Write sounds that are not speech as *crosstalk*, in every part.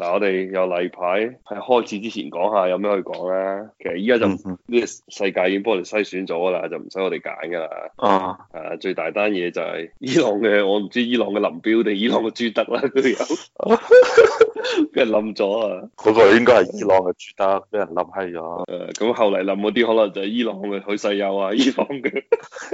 嗱，我哋有例牌喺開始之前講下有咩可以講咧。其實依家就呢個、嗯、世界已經幫我哋篩選咗啦，就唔使我哋揀噶啦。啊，啊，最大單嘢就係伊朗嘅，我唔知伊朗嘅林彪定伊朗嘅朱德啦、啊、都有。 *laughs* *laughs* 俾人冧咗啊！嗰個應該係伊朗嘅主刀，俾、啊、對人冧閪咗。誒、呃，咁後嚟冧嗰啲可能就係伊朗嘅許世友啊，伊朗嘅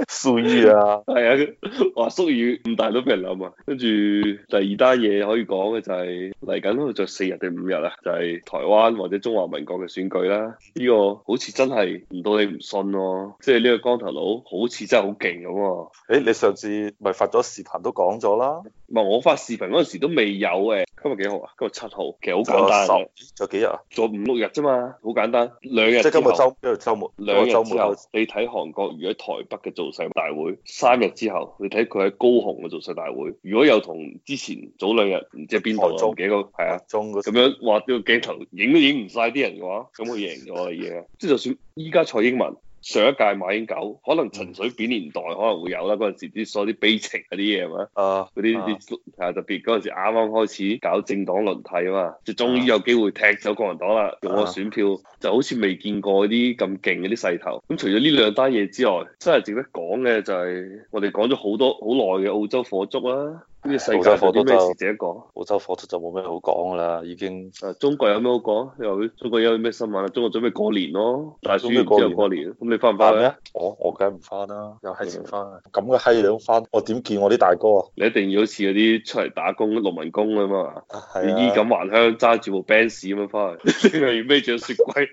粟裕啊，係 *laughs* 啊，話粟裕咁大都俾人冧啊。跟住第二單嘢可以講嘅就係嚟緊，喺度就四日定五日啊，就係、是、台灣或者中華民國嘅選舉啦、啊。呢、這個好似真係唔到你唔信咯、啊，即係呢個光頭佬好似真係好勁咁。誒、欸，你上次咪發咗視頻都講咗啦。唔係我發視頻嗰陣時都未有誒，今日幾號啊？今日七號，其實好簡，簡單。仲有十，仲有幾日啊？仲有五六日啫嘛，好簡單。兩日之後即今日周今日周末，兩日之後、哦、周末你睇韓國瑜喺台北嘅造勢大會三日之後，你睇佢喺高雄嘅造勢大會，如果有同之前早兩日，唔知係邊台中幾個係啊，中嗰咁樣話、這個鏡頭影都影唔晒啲人嘅話，咁佢贏咗啦嘢。即係 *laughs* 就,就算依家蔡英文。上一屆馬英九，可能陳水扁年代可能會有啦，嗰陣時啲所有啲悲情嗰啲嘢嘛，嗰啲啲係特別嗰陣時啱啱開始搞政黨輪替啊嘛，就終於有機會踢走國民黨啦，用我選票就好似未見過啲咁勁嗰啲勢頭。咁除咗呢兩單嘢之外，真係值得講嘅就係我哋講咗好多好耐嘅澳洲火燭啦。啲世界啲咩事自己講。澳洲火燭就冇咩好講噶啦，已經。啊，中國有咩好講？你話中國有咩新聞啊？中國準備過年咯，是大暑學又過，過年，咁、啊、你翻唔翻咧？我我梗唔翻啦，又係遲翻。咁嘅閪樣翻，我點、嗯、見我啲大哥啊？你一定要好似嗰啲出嚟打工農民工咁啊，衣、啊、錦還鄉，揸住部 Benz 咁樣翻去，仲要孭住雪櫃。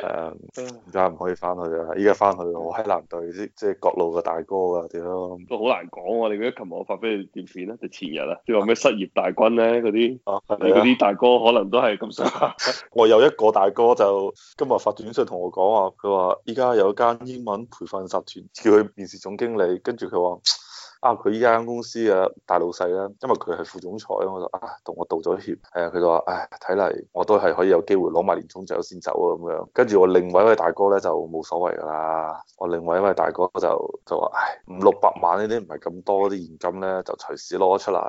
誒而家唔可以翻去啦，依家翻去我喺蘭隊，啲即係各路嘅大哥噶，點樣都好難講喎、啊。你記得琴日我發俾你段片咧？就前日啊？即係咩失業大軍咧？嗰啲啊，嗰啲大哥可能都係咁想。我有一個大哥就今日發短信同我講話，佢話依家有一間英文培訓集團叫佢面試總經理，跟住佢話。啊！佢依間公司嘅大老細咧，因為佢係副總裁啊，我就啊同我道咗歉。誒，佢就話唉，睇嚟我都係可以有機會攞埋年終獎先走啊咁樣。跟住我另外一位大哥咧就冇所謂噶啦。我另外一位大哥就就話唉五六百萬呢啲唔係咁多啲現金咧，就隨時攞出嚟。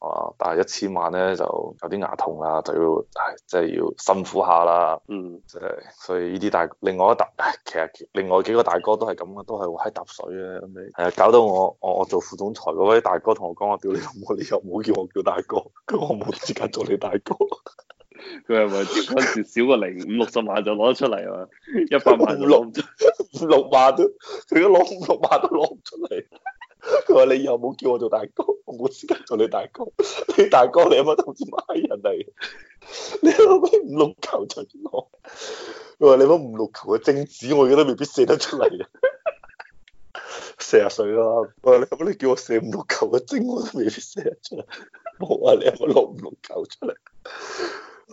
啊，但係一千萬咧就有啲牙痛啦，就要唉，即係要辛苦下啦。嗯，即係所以呢啲大另外一大，其實另外幾個大哥都係咁嘅，都係好閪揼水嘅。係啊，搞到我我我，我做副。總裁嗰位大哥同我講：我屌你老母，你又冇叫我叫大哥，咁我冇時間做你大哥。佢係咪嗰時少過零 *laughs* 五六十萬就攞得出嚟啊？一百萬都攞唔出，五六萬都，佢都攞五六萬都攞唔出嚟。佢 *laughs* 話你又冇叫我做大哥，我冇時間做你大哥。 *laughs* 你大哥你有乜都唔係人嚟， *laughs* 你攞咩五六球出嚟？我佢話你冇五六球嘅精子，我而家都未必射得出嚟啊！ *laughs* 四啊歲啦，喂，你你叫我射五六球嘅精，我都未必射得出，冇啊，你有冇？落五六球出嚟？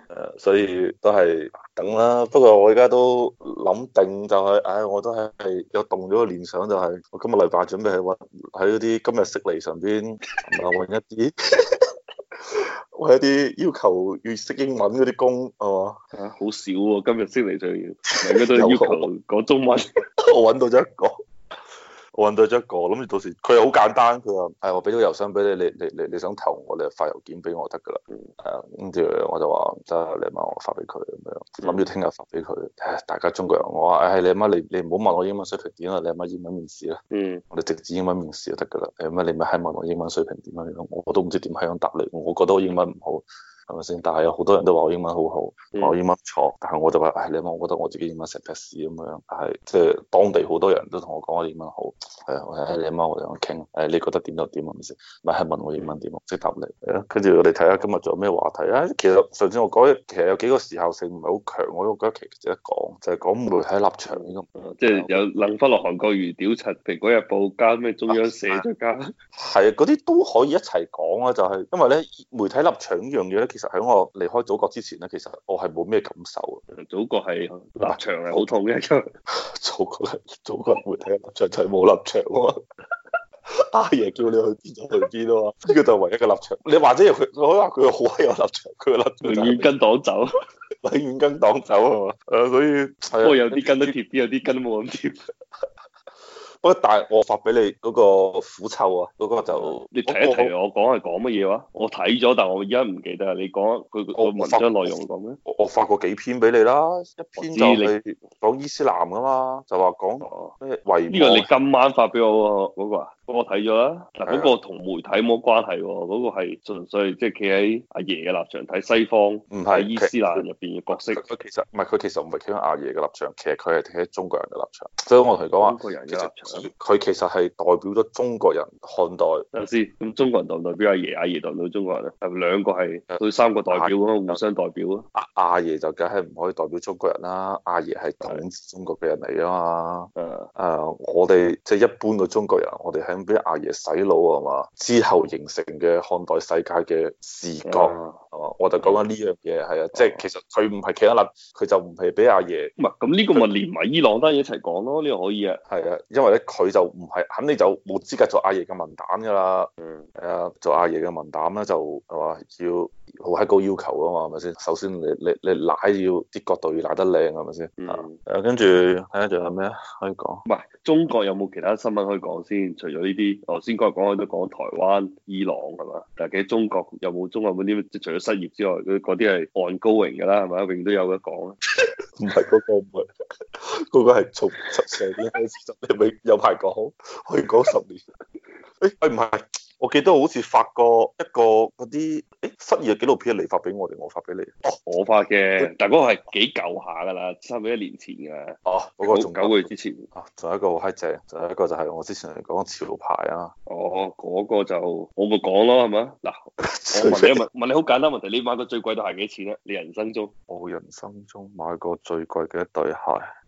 誒，所以都係等啦。不過我而家都諗定就係、是，唉、哎，我都係有動咗個聯想、就是，就係我今日禮拜準備去搵喺嗰啲今日識嚟上邊搵一啲，搵 *laughs* 一啲要求要識英文嗰啲工係嘛，好少喎，今日識嚟就要，嗰要求講中文，我搵到咗一個。我揾到咗一個，諗住到時佢又好簡單、啊哎，佢話，係我俾咗郵箱俾你，你你你你，你想投我，你發郵件俾我得㗎啦。誒，跟住我就話，得、嗯嗯、你阿媽我發俾佢咁樣，諗住聽日發俾佢。大家中國人，我話，係、哎、你阿媽，你你唔好問我英文水平點啦，你阿媽英文面試啦。嗯。我哋直接英文面試就得㗎啦。誒，乜你咪喺問我英文水平點啊？我都唔知點樣答你，我覺得我英文唔好，係咪先？但係有好多人都話我英文好好，我英文唔錯，嗯、但係我就話、哎，你阿媽我覺得我自己英文成劈屎咁樣，但係即係當地好多人都同我講我英文好。係啊，我係你阿媽，我哋我傾，誒你覺得點就點啊，唔使，咪係問我英文點啊，即答你，係咯，跟住我哋睇下今日仲有咩話題啊。其實上次我講，其實有幾個時效性唔係好強，我都覺得其實值得講，就係、是、講媒體立場呢即係有擰翻落韓國如屌柒《蘋果日報》加咩中央社出街，係啊，嗰啲都可以一齊講啊。就係、是、因為咧，媒體立場呢樣嘢咧，其實喺我離開祖國之前咧，其實我係冇咩感受啊但。祖國係立場係好痛嘅，祖國啊，祖國媒體立場真係冇。立場 *laughs* 啊，阿爺叫你去邊就去邊咯，呢個就唯一嘅立場。你或者又佢，我話佢好有立場，佢立場永遠跟黨走， *laughs* 走，永遠跟黨走係嘛？誒，所以不過有啲跟得貼啲， *laughs* 有啲跟冇咁貼。但我發俾你嗰個苦臭啊，嗰、嗰個就你睇一睇我講係講乜嘢話？我睇咗，但我而家唔記得。你講佢個文章內容講咩？我發過幾篇俾你啦，一篇就係講伊斯蘭噶嘛，就話講咩呢個？你今晚發俾我嗰個啊？幫我睇咗啦，嗱，嗰個同媒體冇關係喎，嗰個係純粹即係企喺阿爺嘅立場睇西方，唔係睇伊斯蘭入邊嘅角色。佢其實唔係，佢其實唔係企喺阿爺嘅立場，其實佢係企喺中國人嘅立場。所以我同佢講話，中國人嘅立場，佢其實係代表咗中國人看待。等下先，咁中國人代唔代表阿爺？阿爺代唔代表中國人咧？兩個係對三個代表咯，互相代表咯。阿阿爺就梗係唔可以代表中國人啦，阿爺係統治中國嘅人嚟啊嘛。誒，我哋即係一般嘅中國人，我哋喺俾阿爺洗腦啊嘛，之後形成嘅看待世界嘅視角。嗯我就講緊呢樣嘢，係啊、嗯，即係其實佢唔係其他粒，佢就唔係俾阿爺。咁呢、嗯嗯、個咪連埋伊朗單嘢一齊講咯，呢、呢個可以啊。係啊，因為咧佢就唔係，肯定就冇資格做阿爺嘅文膽㗎啦。嗯，係啊，做阿爺嘅文膽咧就係話要好閪高要求㗎嘛，係咪先？首先你你你，你奶要啲角度要奶得靚，係咪先？嗯、啊。誒，跟住睇下仲有咩可以講。唔係、嗯，中國有冇其他新聞可以講先？除咗呢啲，頭先講講都講台灣、伊朗係嘛？但係其實中國，中國有冇中啊？嗰啲即係除咗。失業之外，嗰啲係按高榮嘅啦，係咪啊？榮都有得講啦。唔係嗰個唔係，嗰、嗰個係從七成年開始。十幾年有排講，可以講十年，誒、欸，係唔係？我記得我好似發過一個嗰啲誒失業嘅紀錄片嚟發俾我哋，我發俾你哦，我發嘅，但嗰個係幾舊下噶啦，差唔多一年前嘅哦，九個月之前哦，仲、啊、有一個好閪正，仲有一個就係我之前嚟講潮牌啊哦，嗰、那個就我咪講咯係咪？嗱，我問你問 *laughs* 問你好簡單問題，你買過最貴都係幾錢咧？你人生中我人生中買過最貴嘅一對鞋。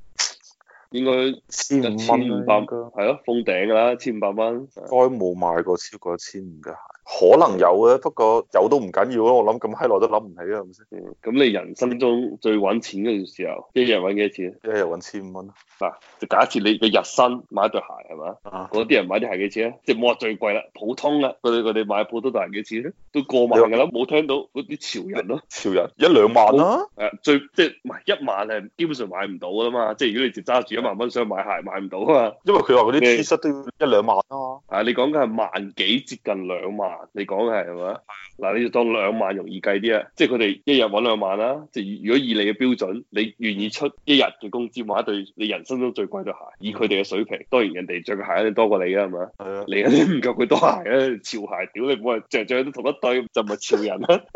應該千五百蚊，係咯，封頂噶啦，千五百蚊。該冇買過超過千五嘅鞋。可能有嘅，不過有都唔緊要啊。我諗咁閪耐都諗唔起啊。咁你人生中最搵錢嗰段時候，一日搵幾多錢？一日搵千五蚊啊？嗱，就假設你你日薪買對鞋係嘛？嗰啲、啊、人買啲鞋幾錢啊？即係冇話最貴啦，普通啊，佢哋佢哋買普通對鞋幾錢咧？都過萬噶啦，冇說聽到嗰啲潮人咯、啊。潮人一兩萬啦、啊。誒、啊，最即係唔係一萬係，基本上買唔到噶嘛。即係如果你直揸住。一萬蚊想買鞋買唔到啊嘛，因為佢話嗰啲 T 恤都要一兩萬啊。啊，你講緊係萬幾接近兩萬，你講嘅係係嘛？嗱、嗯啊，你要當兩萬容易計啲、嗯、啊，即係佢哋一日搵兩萬啦。即係如果以你嘅標準，你願意出一日嘅工資買一對你人生中最貴嘅鞋？嗯、以佢哋嘅水平，當然人哋着嘅鞋一定多過你啊，係嘛？係啊、嗯。你唔夠佢多鞋啊？潮鞋屌你冇人着，着都同一對，就咪潮人啦、啊。 *laughs*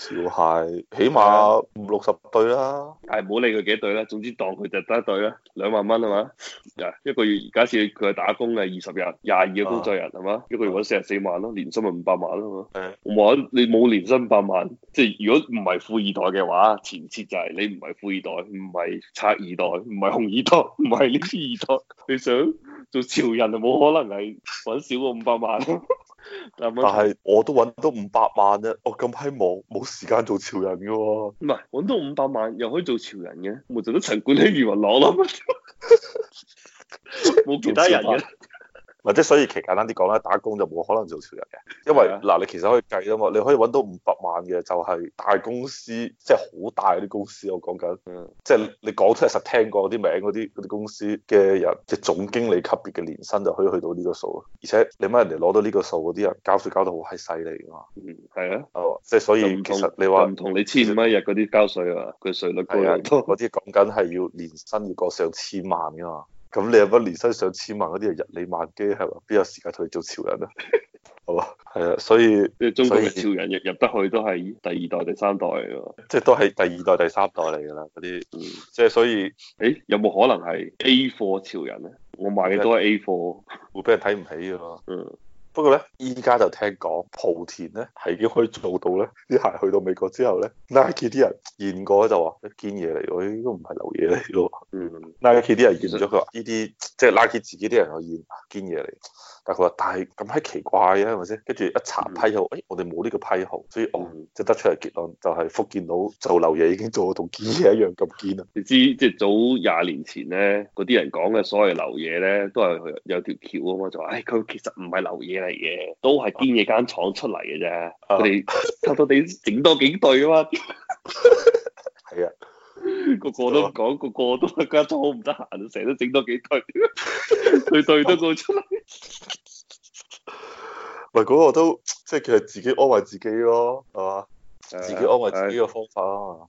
潮鞋起碼五六十對啦，唔好理佢幾多對啦，總之當佢就得一對啦，兩萬蚊係嘛？嗱、 *laughs* 啊，一個月而家算佢係打工嘅二十日，廿二個工作日係嘛？一個月搵四十四萬咯，年薪咪五百萬咯？係的，我話你冇年薪百萬，即係如果唔係富二代嘅話，前設就係你唔係富二代，唔係拆二代，唔係紅二代，唔係呢啲二代，你想做潮人就冇可能係揾少過五百萬。 *laughs* 但係我都揾到五百萬啫，我咁閪忙，冇時間做潮人噶、啊。唔係，揾到五百萬又可以做潮人嘅，冇做咗陳冠希、余文樂咯。冇 *laughs* *laughs* 其他人嘅。唔係，即係所以其簡單啲講咧，打工就冇可能做潮人嘅，因為嗱，你、啊、其實可以計啊嘛，你可以揾到五百萬嘅就係大公司，即係好大啲公司，我講緊，即係你講出嚟實聽過啲名嗰啲啲公司嘅人，即係總經理級別嘅年薪就可以去到呢個數，而且你問人哋攞到呢個數嗰啲人交稅交得好係犀利㗎嘛，嗯，係啊，哦、嗯，即係所以其實你話唔同你千蚊日嗰啲交稅啊，佢稅率高，嗰啲講緊係要年薪要過上千萬㗎嘛。咁你有乜年薪上千萬嗰啲人日理萬機係嘛，邊有時間同你做潮人啊？係嘛，係啊，所以，所以中國嘅潮人入入得去都係第二代、第三代嚟 *laughs* 即係都係第二代、第三代嚟噶啦嗰啲， *laughs* 嗯、即係所以，誒、欸，有冇可能係 A 貨潮人咧？ *laughs* 我買嘅都係 A 貨， *laughs* 會俾人睇唔起嘅咯。嗯不過咧，依家就聽講莆田咧係已經可以做到咧，啲鞋去到美國之後咧，Nike 啲人驗過就話堅嘢嚟，應該唔係流嘢嚟咯。嗯，Nike 啲人驗咗佢話呢啲即係 Nike 自己啲人去驗堅嘢嚟。但佢話，但係咁閪奇怪嘅係咪先？跟住一查批號，誒、哎，我哋冇呢個批號，所以我即得出嚟結論，就係福建佬做流嘢已經做到同堅嘢一樣咁堅、就是哎、啊！你知即係早廿年前咧，嗰啲人講嘅所謂流嘢咧，都係有條橋啊嘛，就話，誒，佢其實唔係流嘢嚟嘅，都係堅嘢間廠出嚟嘅啫，佢哋偷偷地整多幾對啊嘛，係啊，個 *laughs* 個 *laughs* 都講，個個都間廠好唔得閒成日都整多幾對，佢對多個出嚟。唔係嗰個都即係其實自己安慰自己咯，係嘛？自己安慰自己嘅方法啊嘛。